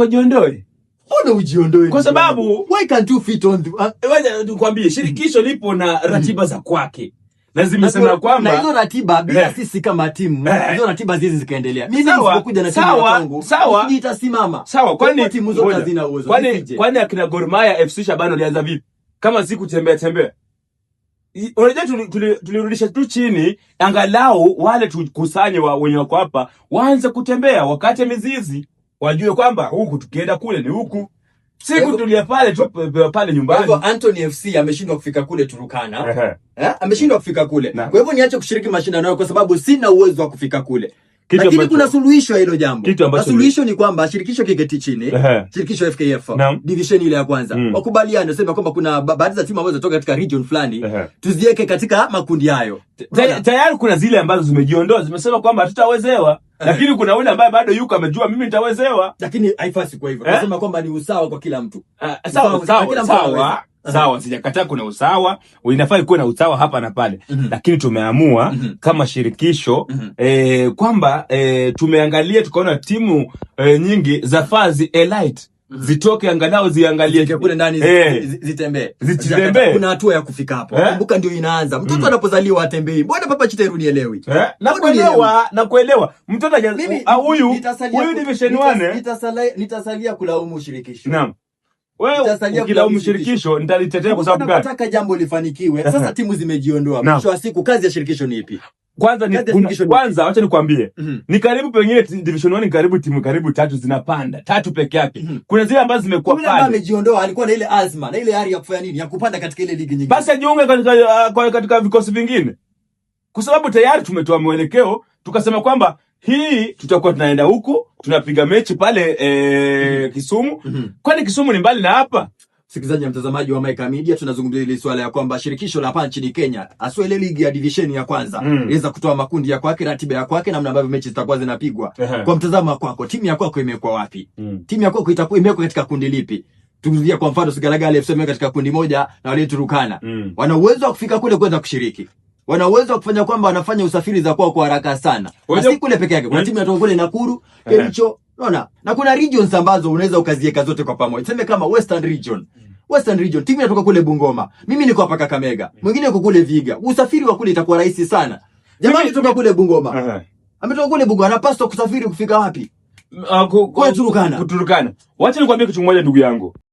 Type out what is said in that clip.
wajiondoe? Mbona ujiondoe? Kwa sababu why can't you fit on the ah? eh, wewe, nikwambie shirikisho mm. lipo na hmm. ratiba za kwake na zimesema kwamba na hizo ratiba bila yeah. Sisi kama timu eh. hizo yeah. Ratiba hizi zikaendelea, mimi nisipokuja na timu yangu sawa, Sawa. nitasimama sawa. Kwa nini timu zote hazina uwezo? Kwa nini? Kwa nini akina Gor Mahia FC Shabana alianza vipi kama siku tembea tembea? Unajua tulirudisha tu chini, angalau wale tukusanye wa wenye wako hapa waanze kutembea, wakati mizizi wajue kwamba huku tukienda kule ni huku siku tulia pale tu pale nyumbani. Kwa hivyo Anthony FC ameshindwa kufika kule Turukana. Eh, ameshindwa kufika kule. Kwa hivyo niache kushiriki mashindano kwa sababu sina uwezo wa kufika kule. Kitu lakini ambacho, kuna suluhisho ya hilo jambo. suluhisho ni kwamba shirikisho kiketi chini, shirikisho FKF, division ile ya kwanza. Mm. Wakubaliane sema kwamba kuna baadhi za timu ambazo zitoka katika region fulani, uh tuziweke katika makundi hayo. Tayari kuna zile ambazo zimejiondoa, zimesema kwamba hatutawezewa lakini kuna ule ambaye bado yuko amejua mimi nitawezewa, lakini haifasi kwa hivyo eh? Nasema kwamba ni usawa kwa kila mtu ah, sawa sawa sawa sawa, sijakataa kuna usawa, inafaa kuwe na usawa hapa na pale mm -hmm. Lakini tumeamua mm -hmm. kama shirikisho mm -hmm. eh, kwamba eh, tumeangalia tukaona timu eh, nyingi za fazi elite Mm. Zitoke angalau ziangalie kule ndani hey. Eh. Zitembee zitembee, kuna hatua ya kufika hapo eh? Kumbuka ndio inaanza mtoto mm. anapozaliwa atembei. Mbona Papa Chiteru nielewi eh? na kuelewa na kuelewa mtoto huyu huyu ni version eh? nitasalia nitasalia kulaumu shirikisho naam wewe ukilaumu shirikisho nitalitetea kwa sababu gani? Nataka jambo lifanikiwe. Sasa timu zimejiondoa, mwisho wa siku kazi ya shirikisho ni ipi? kwanza ni una, kwanza acha nikwambie, mm -hmm. ni karibu pengine division 1 ni karibu timu karibu tatu zinapanda tatu peke yake mm -hmm. kuna zile ambazo zimekuwa pale, kuna amejiondoa alikuwa na ile azma na ile ari ya kufanya nini ya kupanda katika ile ligi nyingine, basi ajiunge katika, uh, katika vikosi vingine, kwa sababu tayari tumetoa mwelekeo tukasema kwamba hii tutakuwa tunaenda huku tunapiga mechi pale ee, mm -hmm. Kisumu mm -hmm. kwani Kisumu ni mbali na hapa Msikilizaji na mtazamaji wa Maika Media, tunazungumzia ile swala ya kwamba shirikisho la hapa nchini Kenya, aswa ile ligi ya division ya kwanza mm. iliweza mm. kutoa makundi ya kwake, ratiba ya kwake, namna ambavyo mechi zitakuwa zinapigwa. Kwa mtazamo wako, timu ya kwako imekuwa wapi? mm. timu ya kwako itakuwa imekuwa katika kundi lipi? Tukiangalia kwa mfano Sigalagala FC imekuwa katika kundi moja na wale Turukana mm. wana uwezo wa kufika kule kuweza kushiriki wana uwezo wa kufanya kwamba wanafanya usafiri za kwao kwa haraka sana, Wajab... na si kule peke yake, kuna mm. timu inatoka kule Nakuru, Kericho Unaona? Na kuna regions ambazo unaweza ukaziweka zote kwa pamoja. Tuseme kama Western region. Mm. Western region timu inatoka kule Bungoma. Mimi niko hapa Kakamega. Mm. Mwingine yuko kule Viga. Usafiri wa kule itakuwa rahisi sana. Jamani toka kule Bungoma. Uh -huh. Ametoka kule Bungoma anapaswa kusafiri kufika wapi? Uh, kule Turukana. Kuturukana. Wacha nikwambie kitu kimoja ndugu yangu.